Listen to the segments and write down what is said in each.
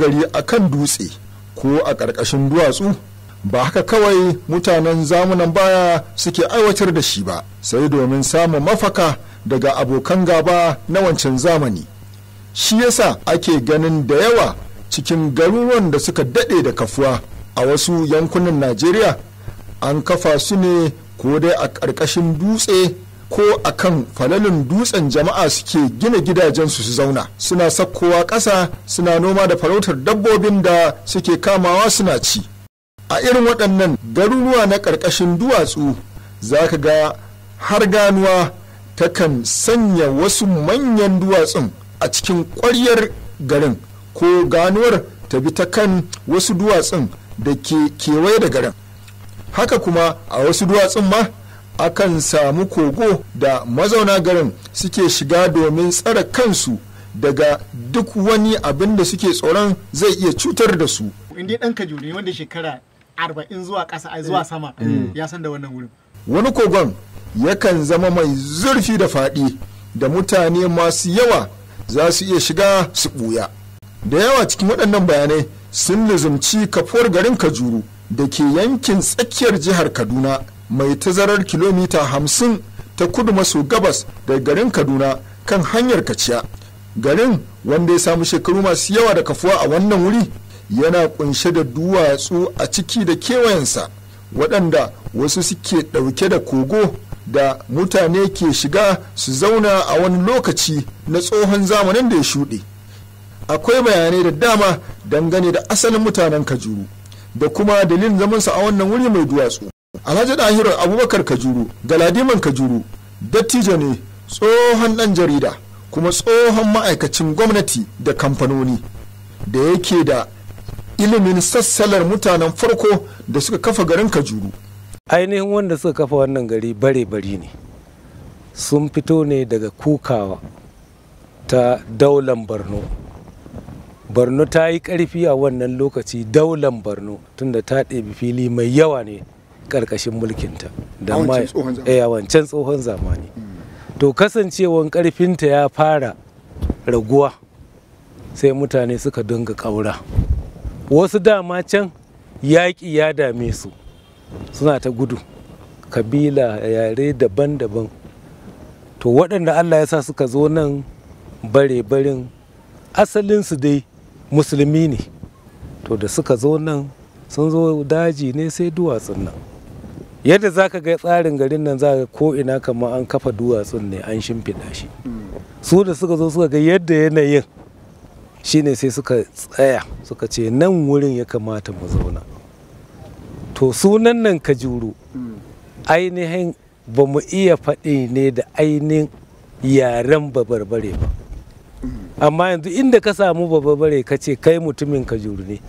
gari a kan dutse ko a ƙarƙashin duwatsu ba haka kawai mutanen zamunan baya suke aiwatar da shi ba sai domin samun mafaka daga abokan gaba na wancan zamani shi yasa ake ganin da yawa cikin garuruwan da suka daɗe da kafuwa a wasu yankunan najeriya an kafa su ne ko dai a ƙarƙashin dutse ko a kan falalin dutsen jama'a suke gina gidajensu su zauna suna sakkowa ƙasa suna noma da farautar dabbobin da suke kamawa suna ci a irin waɗannan garuruwa na ƙarƙashin duwatsu za ka ga har ganuwa kan sanya wasu manyan duwatsun a cikin ƙwaryar garin ko ganuwar ta bi ta kan wasu duwatsun da ke kewaye da garin haka kuma a wasu duwatsun ma akan samu kogo da mazauna garin suke shiga domin tsare kansu daga duk wani abin da suke tsoron zai iya cutar da su. Inda ɗan wanda shekara arba'in zuwa ƙasa zuwa eh. sama eh. ya san da wannan wurin. Wani kogon yakan zama mai zurfi da faɗi da mutane masu yawa za su iya shiga su ɓuya. Da yawa cikin waɗannan bayanai sun lizumci kafuwar garin Kajuru da ke yankin tsakiyar jihar Kaduna. mai tazarar kilomita hamsin ta kudu maso gabas da garin kaduna kan hanyar kaciya garin wanda ya samu shekaru masu yawa da kafuwa a wannan wuri yana kunshe da duwatsu a ciki da kewayensa waɗanda wasu suke ɗauke da kogo da mutane ke shiga su zauna a wani lokaci na tsohon zamanin da ya shuɗe akwai bayanai da dama dangane da asalin mutanen kajuru da kuma dalilin zamansa a wannan wuri mai duwatsu alhaji dahiru abubakar kajuru galadiman kajuru dattijo ne tsohon ɗan jarida kuma tsohon ma'aikacin gwamnati da kamfanoni da yake da ilimin sassalar mutanen farko da suka kafa garin kajuru ainihin wanda suka kafa wannan gari bare-bari ne sun fito ne daga kukawa ta daular barno barno ta yi karfi a wannan lokaci daulan barno tunda ta ɗebi fili mai yawa ne karkashin mulkinta da eh, wancan tsohon zamani to kasancewan karfinta ya fara raguwa sai mutane suka dinga ƙaura wasu dama can yaƙi ya dame su suna ta gudu kabila yare daban-daban to waɗanda allah ya sa suka zo nan bare-barin asalinsu dai musulmi ne to da suka zo nan sun zo daji ne sai duwatsun nan yadda za ka ga tsarin garin nan za ka ko ina kamar an kafa duwatsun ne an shimfiɗa shi su da suka zo suka ga yadda yanayin shine sai suka tsaya suka ce nan wurin ya kamata mu zauna to sunan nan kajuru ainihin ba mu iya faɗi ne da ainihin yaren babarbare ba amma yanzu inda ka samu babarbare ka ce kai mutumin kajuru ne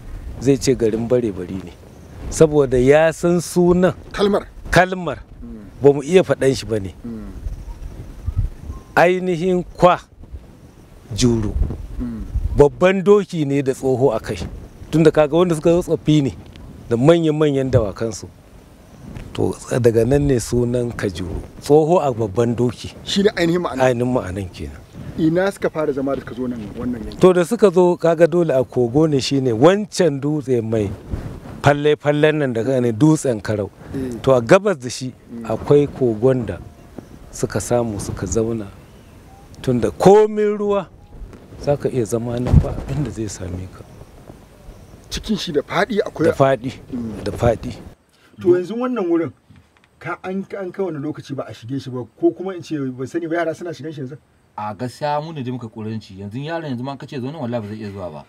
zai ce garin bare bari ne saboda ya san sunan kalmar kalmar hmm. ba mu iya faɗan shi ba ne hmm. ainihin kwa juru hmm. babban doki ne da tsoho a kai tunda kaga wanda suka zo tsoffi ne da manyan-manyan dawakansu to daga nan ne sunan kajuru tsoho a babban doki shi ne ainihin ma'anan ainihin ma'anan kenan ina suka fara zama da suka zo nan wannan yankin to da suka zo kaga dole a kogo ne shine wancan dutse mai falle-fallen nan da ne dutsen karau mm. to a gabas da shi akwai kogon da suka samu suka zauna tunda komin ruwa za ka iya zama nan ba inda zai same ka cikin shi da faɗi akwai da faɗi mm. da faɗi to yanzu wannan wurin ka an an kai wani lokaci ba a shige shi ba ko kuma in ce ba sani ba yara suna shigan shi yanzu a gaskiya mun da muka kuranci yanzu yaron yanzu ma kace zo nan wallahi ba zai iya zuwa ba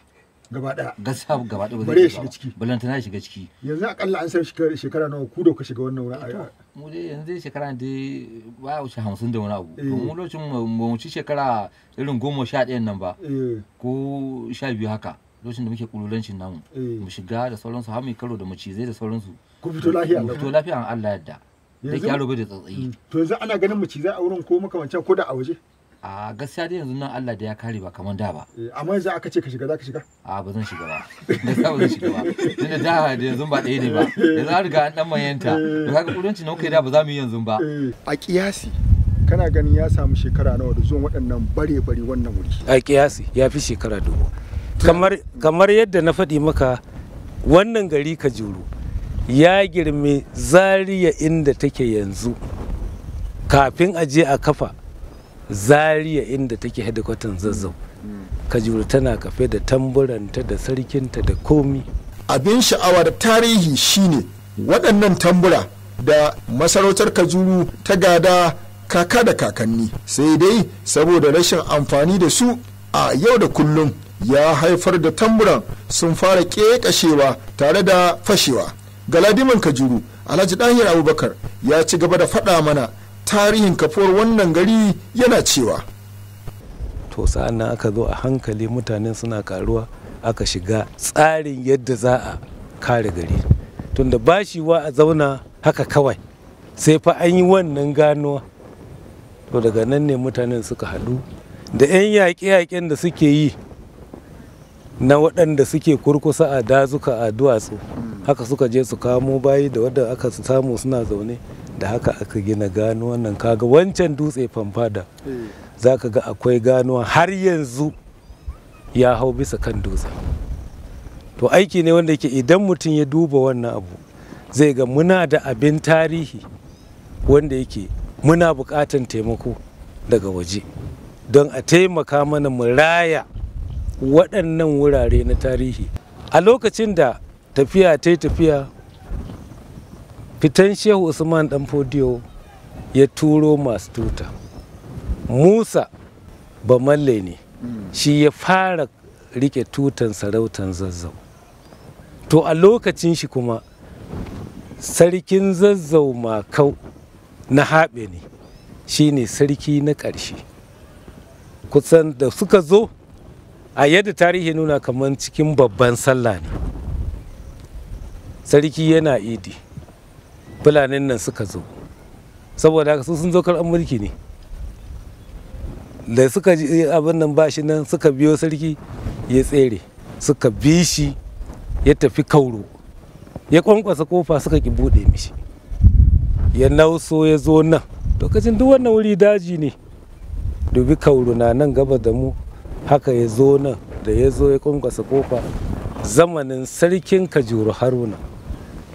gaba daya gaskiya gaba daya bare shiga ciki balantana ya shiga ciki yanzu akalla an san shekara nawa ku da ku shiga wannan wurin eh mu dai yanzu shekara dai ba ya wuce hamsin da wani abu eh. mu lokacin mu ci shekara irin goma sha ɗayan nan ba eh. ko sha biyu haka lokacin da muke kululancin namu mu shiga da sauransu har mu karo da macizai da sauransu ku fito lafiya ku fito lafiya an Allah yadda da yaro bai da tsatsayi mm. to yanzu ana ganin macizai a wurin ko makamancin ko da a waje a gaskiya dai yanzu nan Allah da ya kare ba kamar da ba eh, amma yanzu aka ce ka shiga za ka shiga a ba zan shiga ba gaskiya ba zan shiga ba tunda da da yanzu ba ɗaya ne ba eh. yanzu an riga an dan manyanta eh. da kaga kudanci na kai da ba za mu yi yanzu ba a kiyasi kana ganin ya samu shekara nawa da zuwan waɗannan bare bare wannan wuri a kiyasi ya fi shekara dubu kamar kamar yadda na faɗi maka wannan gari ka juro ya girme zariya inda take yanzu kafin a je a kafa zaria inda take hedikwatan zazzau kajuru tana kafe da tamburanta da sarkinta da komi abin sha'awa da tarihi shine waɗannan tambura da masarautar kajuru ta gada kaka da kakanni sai dai saboda rashin amfani da su a yau da kullum ya haifar da tamburan sun fara ƙeƙashewa tare da fashewa galadiman kajuru alhaji ɗahir abubakar ya ci gaba da faɗa mana tarihin kafuwar wannan gari yana cewa to sa'an nan aka zo a hankali mutane suna karuwa aka shiga tsarin yadda za a kare gari tunda ba shi wa a zauna haka kawai sai fa an yi wannan gano to daga nan ne mutanen suka haɗu da 'yan yaƙe-yaƙen da suke yi na waɗanda suke kurkusa a dazuka a duwatsu haka suka je su kamo bayi da wadda aka samu suna zaune da haka aka gina gano wannan kaga wancan dutse famfada eh. za ka ga akwai ganuwa har yanzu ya hau bisa kan dutse to aiki ne wanda yake idan mutum ya duba wannan abu zai ga muna da abin tarihi wanda yake muna bukatan taimako daga waje don a taimaka mana mu raya waɗannan wurare na tarihi a lokacin da tafiya ta yi tafiya fitan shehu usman dan fodiyo ya turo masu tuta musa bamalle ne shi ya fara rike tutan sarautan zazzau to a lokacin shi kuma sarkin zazzau makau na haɓe ne shi ne sarki na ƙarshe kusan da suka zo a yadda tarihi nuna kamar cikin babban sallah ne sarki yana idi fulanin nan suka zo saboda haka su sun zo karɓar mulki ne da suka ji abin nan ba shi nan suka biyo sarki ya tsere suka bi shi ya tafi kauro ya kwankwasa kofa suka ki buɗe mishi ya nauso ya zo nan lokacin duk wannan wuri daji ne dubi kauro na nan gaba da mu haka ya zo nan da ya zo ya kwankwasa kofa zamanin sarkin kajuru haruna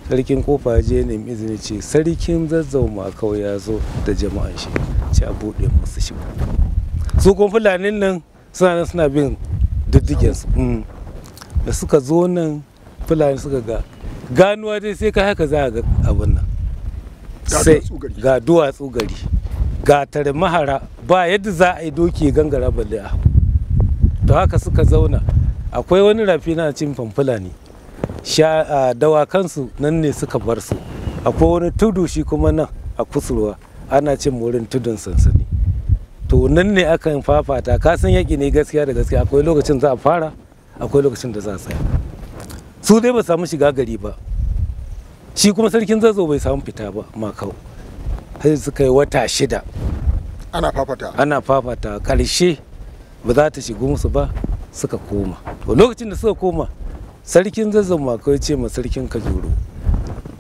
sarkin kofa ya je nemi izini ce sarkin zazzau makau ya zo da jama'an shi ce a buɗe musu shi su kuma fulanin nan suna nan suna bin diddigensu mm. da suka zo nan fulani suka ga ganuwa dai sai ka haka za a ga abin nan sai ga duwatsu gari ga tare mahara ba yadda za a yi doki gangara balle a to haka suka zauna akwai wani rafi na cin famfula ne dawakan dawakansu nan ne suka bar su akwai wani tudu shi kuma nan a kusurwa ana cin wurin tudun sansani to nan ne aka fafata san yaƙi ne gaskiya da gaskiya akwai lokacin za a fara akwai lokacin da za a tsaya su dai ba samu shiga gari ba shi kuma sarkin zazo bai samu fita ba makau sai suka yi wata shida ana fafata ana fafata ƙarshe ba za ta shigo musu ba suka koma to lokacin da suka koma sarkin zazzan ya ce ma sarkin kajoro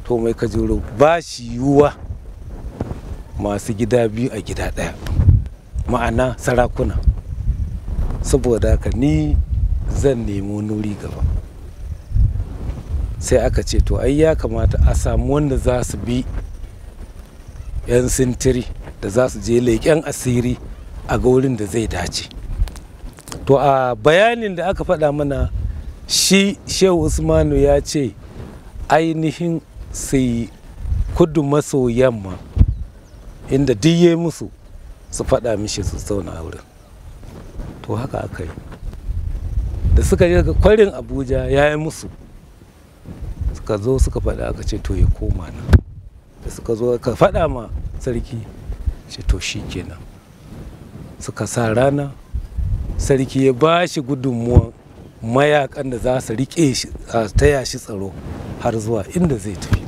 to mai kajoro ba shi yiwuwa masu gida biyu a gida ɗaya ma'ana sarakuna saboda haka ni zan nemo nuri gaba sai aka ce to ai ya kamata a samu wanda za su bi 'yan sintiri da za su je leƙen asiri a ga wurin da zai dace to a bayanin da aka faɗa mana shi shehu usmanu ya ce ainihin sai kudu maso yamma inda diye musu su faɗa mishi su zauna a wurin to haka aka yi da suka je kwarin abuja ya yi musu suka zo suka faɗa aka ce to ya koma nan da suka zo aka faɗa ma sarki ce to shi kenan suka sa rana sarki ya ba shi gudunmuwan mayakan da za su riƙe shi a taya shi tsaro har zuwa inda zai tafi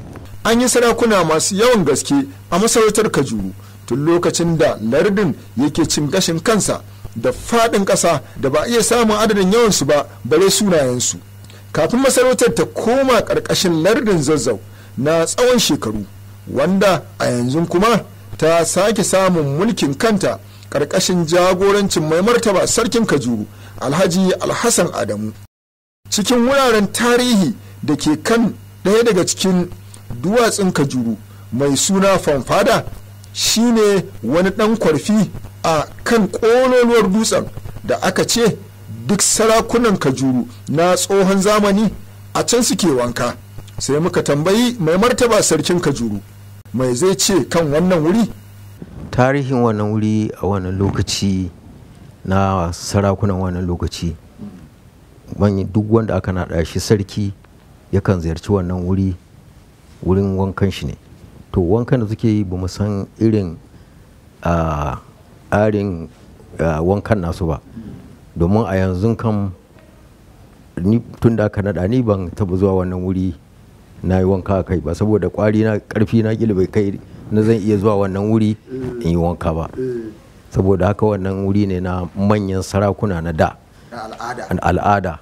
an yi sarakuna masu yawan gaske a masarautar kajuru tun lokacin da lardin yake cin gashin kansa da faɗin ƙasa da ba iya samun adadin yawansu ba bare sunayensu kafin masarautar ta koma ƙarƙashin lardin zazzau na tsawon shekaru wanda a yanzu kuma ta sake samun mulkin kanta ƙarƙashin jagorancin mai martaba sarkin kajuru alhaji alhassan adamu cikin wuraren tarihi da ke kan ɗaya daga cikin duwatsun kajuru mai suna fanfada shine wani ɗan kwarfi a kan ƙololuwar dutsen da aka ce duk sarakunan kajuru na tsohon zamani a can suke wanka sai muka tambayi mai martaba sarkin kajuru mai zai ce kan wannan wuri tarihin wannan wuri a wannan lokaci na sarakunan wannan lokaci duk wanda aka naɗa shi sarki yakan ziyarci wannan wuri wurin wankan shi ne to wankan da suke yi ba san irin arin wankan nasu ba domin a yanzu kan tun da aka naɗa ni ban taba zuwa wannan wuri na yi wanka kai ba saboda kwari na ƙarfi na ƙila kai na zan iya zuwa wannan wuri in yi wanka ba saboda haka wannan wuri ne na manyan sarakuna na da al'ada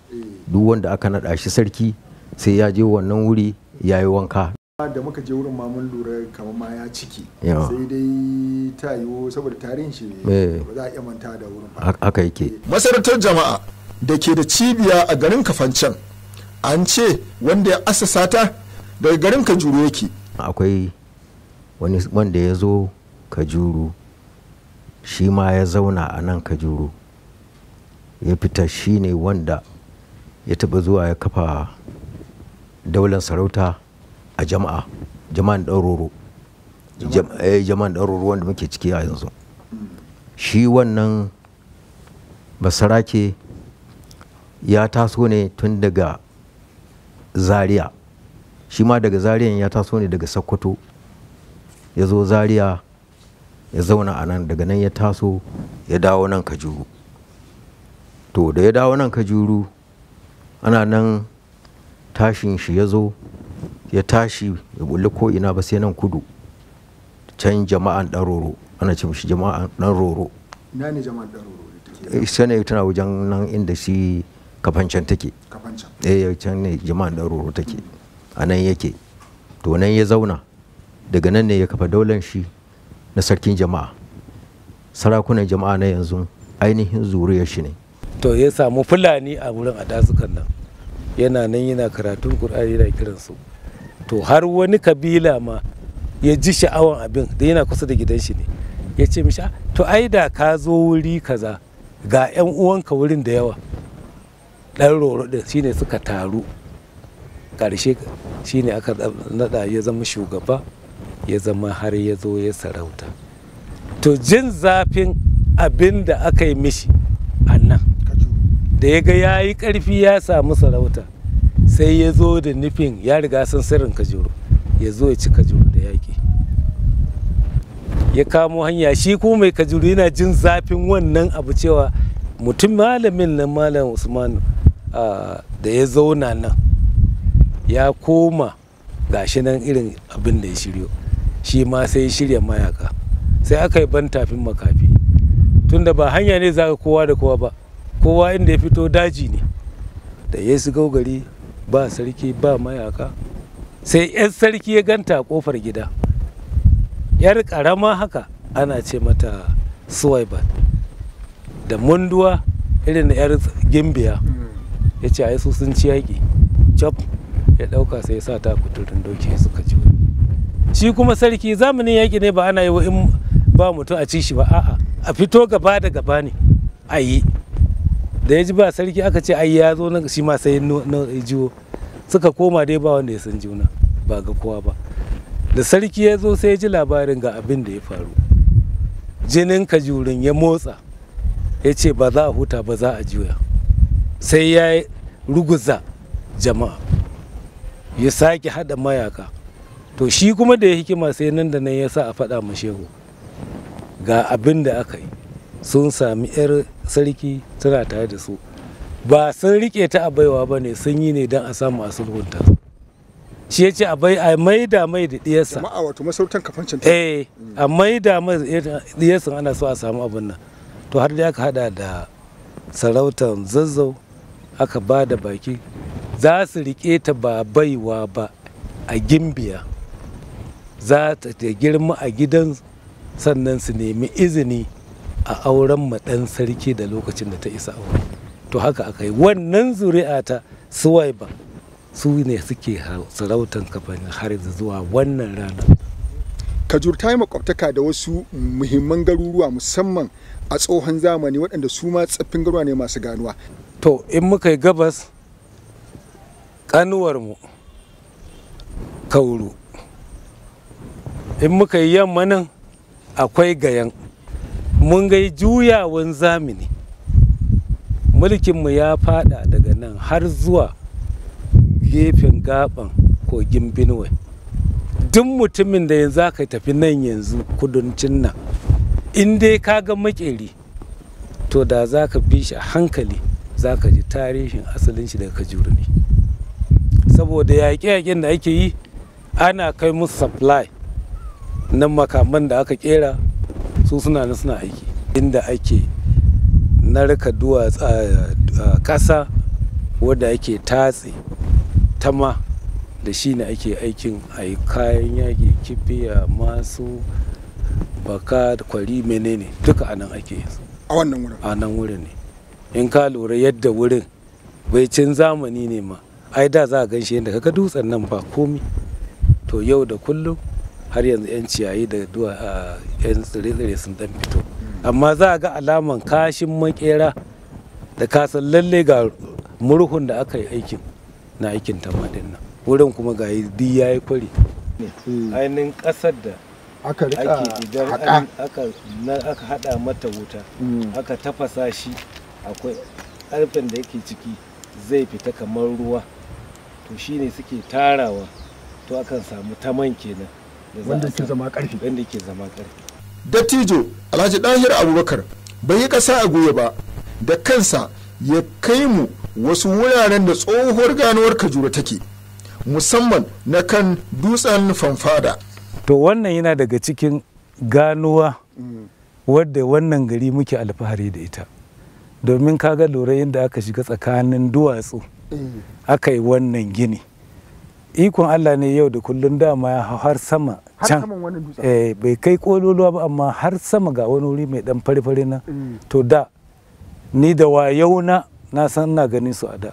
duk wanda aka naɗa shi sarki sai ya je wannan wuri ya yi wanka da muka je wurin mamun lura kamar ma ya ciki sai dai ta yiwu saboda tarihin shi eh. ba za a iya manta da wurin ba haka yake eh. masarautar jama'a da ke da cibiya a garin kafancan an ce wanda ya asasa ta daga garin kajuru yake akwai wani wanda ya zo kajuru shi ma ya zauna a nan kajuru ya fita shi ne wanda ya taba zuwa ya kafa daular sarauta a jama'a jama'an ɗauroro eh, jama'an ɗauroro wanda muke ciki a yanzu shi wannan basarake ya taso ne tun daga zaria shi ma daga zariyan ya taso ne daga sokoto ya zo zaria ya zauna a nan daga nan ya taso ya dawo nan kajuru to da ya dawo nan kajuru ana nan tashin shi ya zo ya tashi ya bulli ko ina ba sai nan kudu can jama'an ɗaroro ana ce mishi jama'an dan roro ina ne jama'an eh, tana wajen nan inda shi kafancan take kafancan eh can ne jama'an ɗaroro roro take a nan yake to nan ya zauna daga nan ne ya kafa daular shi na sarkin jama'a sarakunan jama'a na yanzu ainihin zuriyar shi ne to ya samu fulani a wurin a dazukan nan yana nan yana karatun kur'ani yana kiransu to har wani kabila ma ya ji sha'awan abin da yana kusa da gidan shi ne ya ce mishi ah, to ai da ka zo wuri kaza ga 'yan uwanka wurin da yawa ɗan roro din shine suka taru karshe shine aka naɗa ya zama shugaba ya zama har ya zo ya sarauta to jin zafin abin da aka yi mishi a da ya ga ya yi ƙarfi ya samu sarauta sai ya zo da nufin ya riga sun sirrin kajuru ya zo ya ci kajuru da yaƙi ya kamo hanya shi ko mai kajuru yana jin zafin wannan abu cewa mutum malamin nan malam Usman da ya zauna nan ya koma gashi nan irin abin da ya shiryo shi ma sai shirya mayaka sai aka yi ban tafin makafi tunda ba hanya ne za ka kowa da kowa ba kowa inda ya fito daji ne da ya su gari ba sarki ba mayaka sai 'yan sarki ya ganta a kofar gida yar ƙarama haka ana ce mata suwaibat da munduwa irin yar gimbiya ya ce a su sun ci yaƙi ya ɗauka sai ya sa ta kuturin doki suka ci shi kuma sarki zamanin yaƙi ne ba ana yi wa in ba mutum a ci shi ba a'a a fito gaba da gaba ne a yi da ya ji ba sarki aka ce ai ya zo nan shi ma sai na jiwo suka koma dai ba wanda ya san juna ba ga kowa ba da sarki ya zo sai ya ji labarin ga abin da ya faru jinin kajurin ya motsa ya ce ba za a huta ba za a juya sai ya ruguza jama'a ya sake haɗa mayaka to shi kuma da ya hikima sai nan da nan ya sa a faɗa ma shehu ga abin da aka yi sun sami 'yar sarki tana tare da su ba sun rike ta a baiwa ba ne sun yi ne don a samu a sulhunta shi ya ce a bai a da mai da diyarsa a wato masarautar kafancin ta eh a mai da diyarsa ana so a samu abin nan to har da aka hada da sarautar zazzau aka ba da baki za su rike ta ba baiwa ba a gimbiya za ta girma a gidan sannan su nemi izini a auren maɗan sarki da lokacin da ta isa aure to haka aka yi wannan zuri'a ta suwaiba su ne suke sarautan kafin har zuwa wannan rana kajurta yi makwabtaka da wasu muhimman garuruwa musamman a tsohon zamani waɗanda su ma tsaffin garuruwa ne masu ganuwa to in muka yi gabas kanuwarmu kauru in muka yi yamma nan akwai gayan mun ga juyawan zamani mulkinmu ya fada daga nan har zuwa gefen gaban kogin benue duk mutumin da yanzu aka tafi nan yanzu kudancin nan in dai ka ga makeri to da za ka fi shi a hankali za ka ji tarihin asalin shi daga kajuru ne saboda yaƙe-yaƙen da ake yi ana kai musu supply nan makaman da aka kera su suna nan suna aiki inda ake narka duwatsa a ƙasa wadda ake tatse tama da shi ne ake aikin a yi kayan yaƙi kifiya masu baka da kwari menene duka a nan ake yanzu a wannan wurin a nan wurin ne in ka lura yadda wurin bai cin zamani ne ma ai da za a ganshi yadda kaga dutsen nan ba komi to yau da kullum har yanzu 'yan ciyayi da duwa a 'yan tsire-tsire sun dan fito amma za a ga alaman kashin makera da kasan lalle ga murhun da aka yi aikin na aikin tamadin nan wurin kuma ga duk ya yi kwari hmm. ainihin ƙasar da aka hada mata wuta hmm. aka tafasa shi akwai ƙarfen da yake ciki zai fita kamar ruwa to shine suke tarawa to akan samu taman kenan wanda ke zama karfi wanda ke zama karfi dattijo alhaji dahir abubakar bai yi kasa a goya ba da kansa ya kai mu wasu wuraren da tsohuwar ganuwar kajura take musamman na kan dutsen fanfada to wannan yana daga cikin ganuwa wadda wannan gari muke alfahari da ita domin kaga lura yadda aka shiga tsakanin duwatsu eh. aka yi wannan gini ikon Allah ne yau da kullun dama ya har sama can eh, bai kai kololuwa ba amma har sama ga wani wuri mai dan fari-fari na mm. to da ni da wayau na na san ina ganin su a da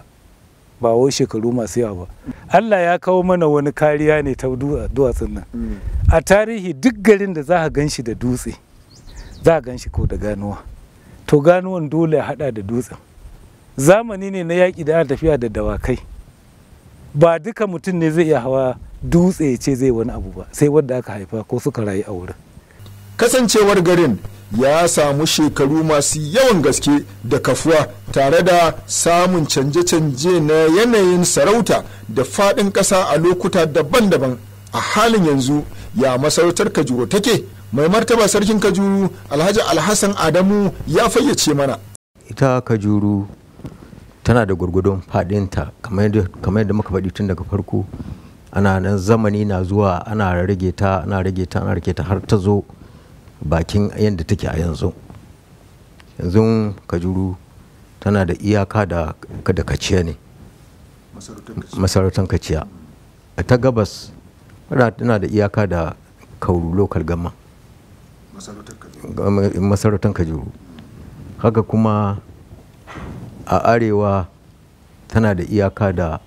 ba wai shekaru masu yawa ba Allah ya kawo mana wani kariya ne ta duwatsun nan mm. a tarihi duk garin da za a gan shi da dutse za a gan shi ko da ganuwa to ganuwan dole ya hada da dutsen zamani ne na yaki da tafiya da dawakai ba duka mutum ne zai iya hawa dutse ce zai wani abu ba sai wanda aka haifa ko suka rayu a wurin kasancewar garin ya samu shekaru masu yawan gaske da kafuwa tare da samun canje-canje na yanayin sarauta da faɗin ƙasa a lokuta daban-daban a halin yanzu ya masarautar kajuru take mai martaba sarkin kajuru alhaji alhassan adamu ya fayyace mana ita kajuru tana da gwargwadon fadinta kamar yadda muka faɗi tun daga farko ana nan zamani na zuwa ana rage ta ana rage ta ana rage ta har ta zo bakin yadda take a yanzu yanzu kajuru tana da iyaka da kada kaciya ne masarautar kaciya a ta gabas tana da iyaka da kauru lokal gama masarautar kajuru haka kuma a arewa tana da iyaka da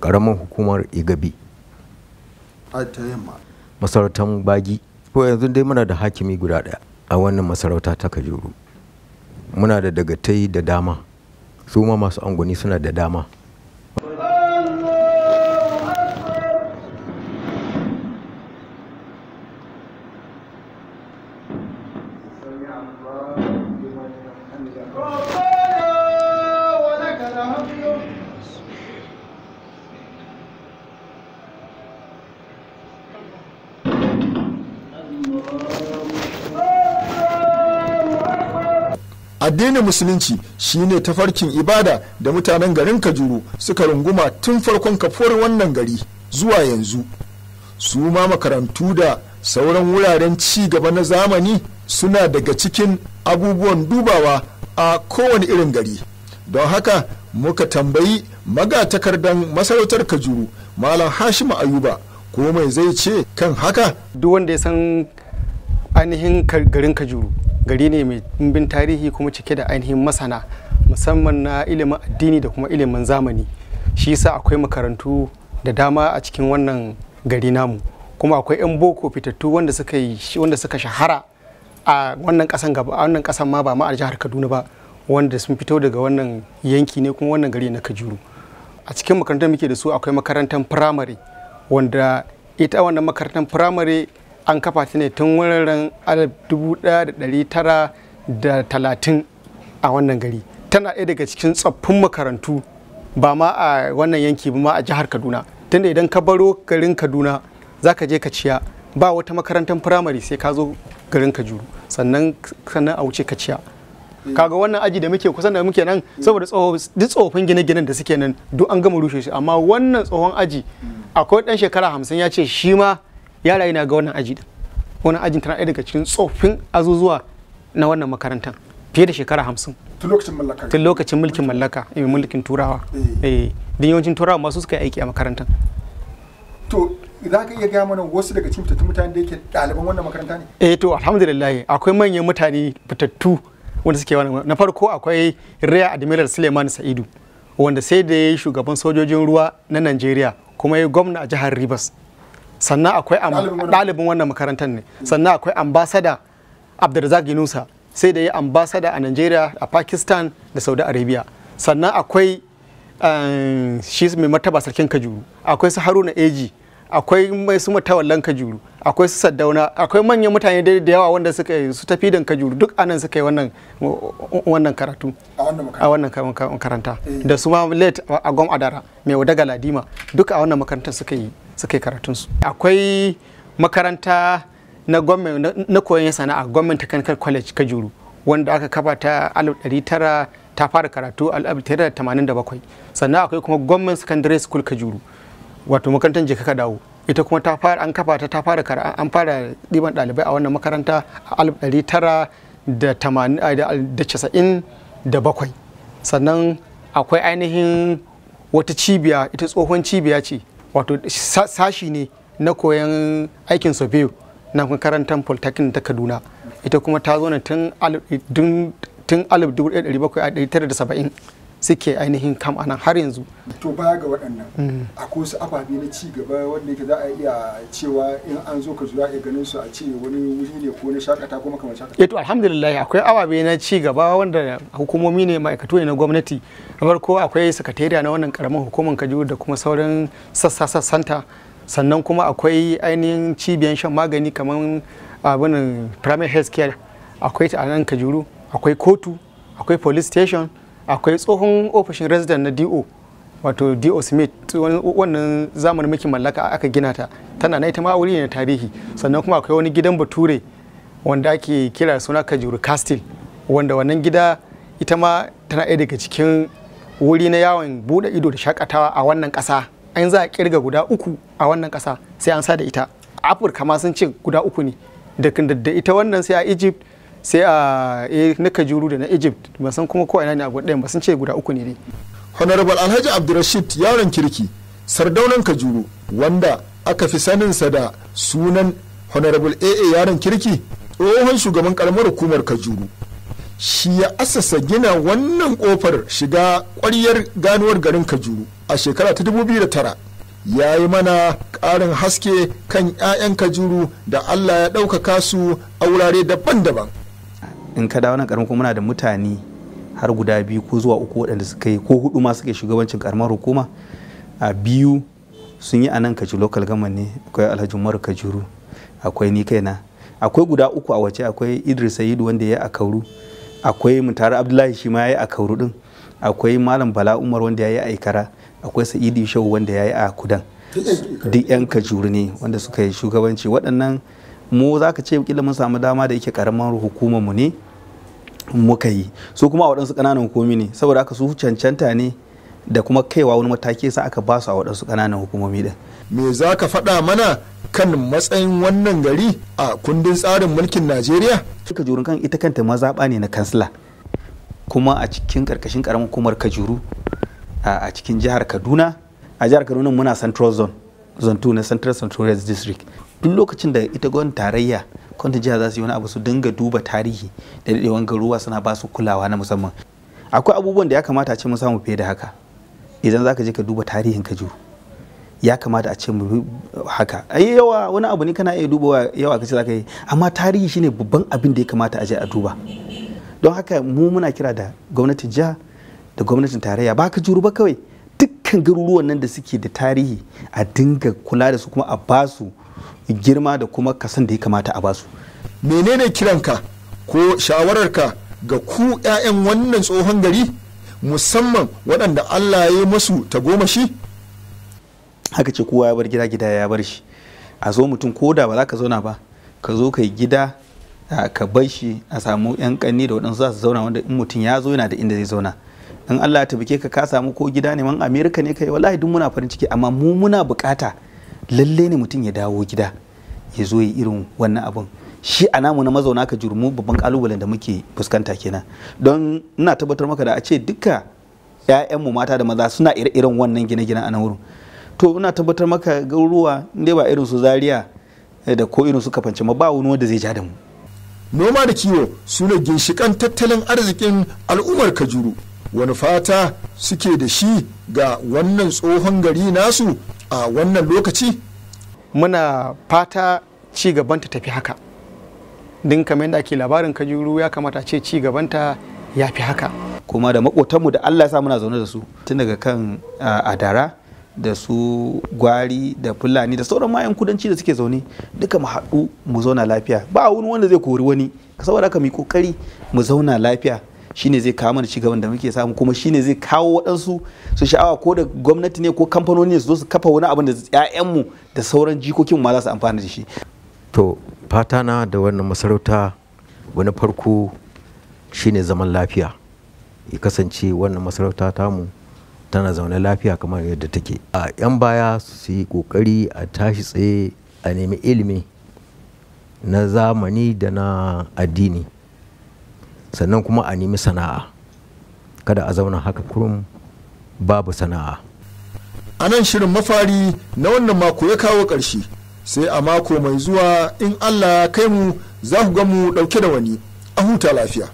ƙaramin hukumar igabi masarautar bagi ko yanzu dai muna da hakimi guda ɗaya a wannan masarauta ta kajuru muna da dagatai da dama su ma masu anguni suna da dama addinin musulunci shine tafarkin ibada da mutanen garin kajuru suka runguma tun farkon kafuwar wannan gari zuwa yanzu su ma makarantu da sauran wuraren ci gaba na zamani suna daga cikin abubuwan dubawa a kowane irin gari don haka muka tambayi magatakardan masarautar kajuru malam hashim ayuba ko mai zai ce kan haka duk wanda ya san ainihin garin kajuru gari ne mai dimbin tarihi kuma cike da ainihin masana musamman na ilimin addini da kuma ilimin zamani shi yasa akwai makarantu da dama a cikin wannan gari namu kuma akwai 'yan boko fitattu wanda suka wanda suka shahara a wannan kasan gaba a wannan kasan ma ba ma a jihar Kaduna ba wanda sun fito daga wannan yanki ne kuma wannan gari na Kajuru a cikin makarantar muke da su akwai makarantar firamare wanda ita wannan makarantar firamare an kafa ta ne tun wuraren 1930 a wannan gari tana ɗaya daga cikin tsoffin makarantu ba ma a wannan yanki ba ma a jihar kaduna tunda idan ka baro garin kaduna za ka je ka ciya ba wata makarantar firamare sai ka zo garin kajuru sannan sannan a wuce ka kaciya kaga wannan aji da muke kusan da muke nan saboda duk tsofaffin gine-ginen da suke nan duk an gama rushe shi amma wannan tsohon aji akwai ɗan shekara hamsin ya ce shi ma yara yana ga wannan aji din wannan ajin tana ɗaya daga cikin tsoffin azuzuwa na wannan makarantar fiye da shekara hamsin tun lokacin mallaka tun lokacin mulkin mallaka mai eh, mulkin turawa eh, eh din yawancin turawa masu suka yi aiki a makarantar to za ka iya gaya mana wasu daga cikin fitattun mutane da yake ɗaliban wannan makaranta ne eh to alhamdulillah akwai manyan mutane fitattu wanda suke wannan na farko akwai Riya Admiral Suleiman Sa'idu wanda sai da ya yi shugaban sojojin ruwa na Najeriya kuma ya gwamna a jihar Rivers sannan akwai ɗalibin wannan makarantar ne sannan akwai ambasada abdulrazak yunusa sai da ya ambasada a nigeria a pakistan da saudi arabia sannan akwai ehm, shi mai martaba sarkin kajuru akwai su haruna eji akwai mai su matawallan kajuru akwai su saddauna akwai manyan mutane da yawa wanda suka su tafi dan kajuru duk anan suka yi wannan karatu a wannan makaranta eh. da su ma late a gwam adara mai wadaga ladima duk a wannan makarantar suka yi suke karatunsu akwai makaranta na na koyon sana'a gwamnan technical college kajuru wanda aka kafa ta 1900 ta fara karatu a 1987 sannan akwai kuma gwamnan secondary school kajuru wato makarantar jeka ka dawo ita kuma ta fara an kafa ta ta fara an fara ɗiban ɗalibai a wannan makaranta a 1997 sannan akwai ainihin wata cibiya ita tsohon cibiya ce wato sashi ne na koyon aikin sofiyu na makarantar polytechnic ta kaduna ita kuma ta zo ne tun 1770 suke ainihin kam anan har yanzu to baya ga waɗannan mm. akwai wasu ababe na ci gaba wanda yake za a iya cewa in an zo ka zura a ganin su a ce wani wuri ne ko na shakata ko kamar shakata eh to alhamdulillah akwai ababe na ci gaba wanda hukumomi ne ma'aikatu ne na gwamnati farko akwai sakatariya na wannan karamin hukumar Kajuru da kuma sauran sassa sassanta sannan kuma akwai ainihin cibiyan shan magani kamar abin primary health care akwai ta nan Kajuru akwai kotu akwai police station akwai tsohon ofishin resident na do wato do smith wannan zamanin mulkin mallaka aka gina ta tana na ita ma wuri ne tarihi sannan kuma akwai wani gidan bature wanda ake kira suna kajuru castle wanda wannan gida ita ma tana ɗaya daga cikin wuri na yawon buɗe ido da shakatawa a wannan ƙasa an za a kirga guda uku a wannan ƙasa sai an sa da ita afirka ma sun ce guda uku ne da ita wannan sai a egypt sai a eh, na kajuru da na egypt ban san kuma ko ina ne a ɗaya ba sun ce guda uku ne dai honorable alhaji abdurrashid yaron kirki sardaunan kajuru wanda aka fi saninsa da sunan honorable aa yaron kirki tsohon shugaban karamar hukumar kajuru shi ya asasa gina wannan kofar shiga kwaryar ganuwar garin kajuru a shekara ta 2009 ya yi mana karin haske kan 'ya'yan kajuru da allah ya ɗaukaka su a wurare daban-daban in ka dawo nan karamar kuma muna da mutane har guda biyu ko zuwa uku waɗanda suka yi ko hudu ma suka shugabancin karamar hukuma a biyu sun yi a nan kaji local government ne akwai alhaji umaru kajuru akwai ni kaina akwai guda uku a wace akwai idris sayidu wanda ya a kauru akwai mutare abdullahi shi ma ya yi a kauru din akwai malam bala umar wanda ya yi a ikara akwai sa'idu shehu wanda ya yi a kudan duk yan kajuru ne wanda suka yi shugabanci waɗannan mu za ka ce kila mun samu dama da yake karamar hukumar mu ne muka yi su kuma a waɗansu ƙananan hukumi ne saboda aka su cancanta ne da kuma kaiwa wani mataki sa aka ba su a waɗansu ƙananan hukumomi din me za ka faɗa mana kan matsayin wannan gari a kundin tsarin mulkin najeriya kajurun kan ita kanta mazaɓa ne na kansila kuma a cikin ƙarƙashin ƙaramin hukumar kajuru a cikin jihar kaduna a jihar kaduna muna central zone zone 2 na central central district duk lokacin da ita gwan tarayya kwanta jiha za su yi wani abu su dinga duba tarihi da daɗewan garuruwa suna ba su kulawa na musamman akwai abubuwan da ya kamata a ce mun samu fiye da haka idan za ka je ka duba tarihin ka juru ya kamata a ce mu haka ai yawa wani abu ne kana iya dubawa yawa za ka yi amma tarihi shine babban abin da ya kamata a je a duba don haka mu muna kira da gwamnatin jiha da gwamnatin tarayya ba ka juru ba kawai dukkan garuruwan nan da suke da tarihi a dinga kula da su kuma a basu girma da kuma kasan da ya kamata a basu menene kiranka ko shawararka ga ku 'ya'yan wannan tsohon gari musamman waɗanda allah ya yi masu tagomashi haka ce kowa ya bar gida gida ya bar shi a zo mutum ko da ba za ka zauna ba ka zo ka yi gida ka bar shi a samu 'yan da waɗansu za su zauna wanda in mutum ya zo yana da inda zai zauna in allah ya tabbake ka ka samu ko gida neman amerika ne kai wallahi duk muna farin ciki amma mu muna bukata lalle ne mutum ya dawo gida ya zo ya irin wannan abun shi a namu na mazauna ka jurmu babban kalubalen da muke fuskanta kenan don ina tabbatar maka da a ce duka mu mata da maza suna ire-iren wannan gine-gine a nan to ina tabbatar maka garuruwa inda ba irin su zaria eh, da ko irin su kafance ma ba wani wanda zai ja da mu noma da kiwo suna ginshikan tattalin arzikin al'ummar kajuru wani fata suke da shi ga wannan tsohon gari nasu a wannan lokaci muna fata ci gaban ta tafi haka din kamar yadda ake labarin kajuru ya kamata ce ci gaban ta ya fi haka kuma da makotanmu da Allah ya sa muna zaune da su tun daga kan adara da su gwari da fulani da sauran mayan kudanci da suke zaune duka mu haɗu mu zauna lafiya ba wani wanda zai kori wani saboda haka mu yi kokari mu zauna lafiya shine zai kawo mana cigaban da muke samu kuma shine zai kawo waɗansu su sha'awa ko da gwamnati ne ko kamfanoni ne su zo su kafa wani abin da 'ya'yanmu da sauran jikokin ma za su amfana da shi to fata na da wannan masarauta wani farko shine zaman lafiya ya kasance wannan masarauta mu tana zaune lafiya kamar yadda take a 'yan baya su yi kokari a tashi tsaye a nemi ilimi na zamani da na addini sannan kuma a nemi sana'a kada a zauna haka kurum babu sana'a a nan shirin mafari na wannan mako ya kawo ƙarshe sai a mako mai zuwa in allah kai mu za ku ga ɗauke da wani a huta lafiya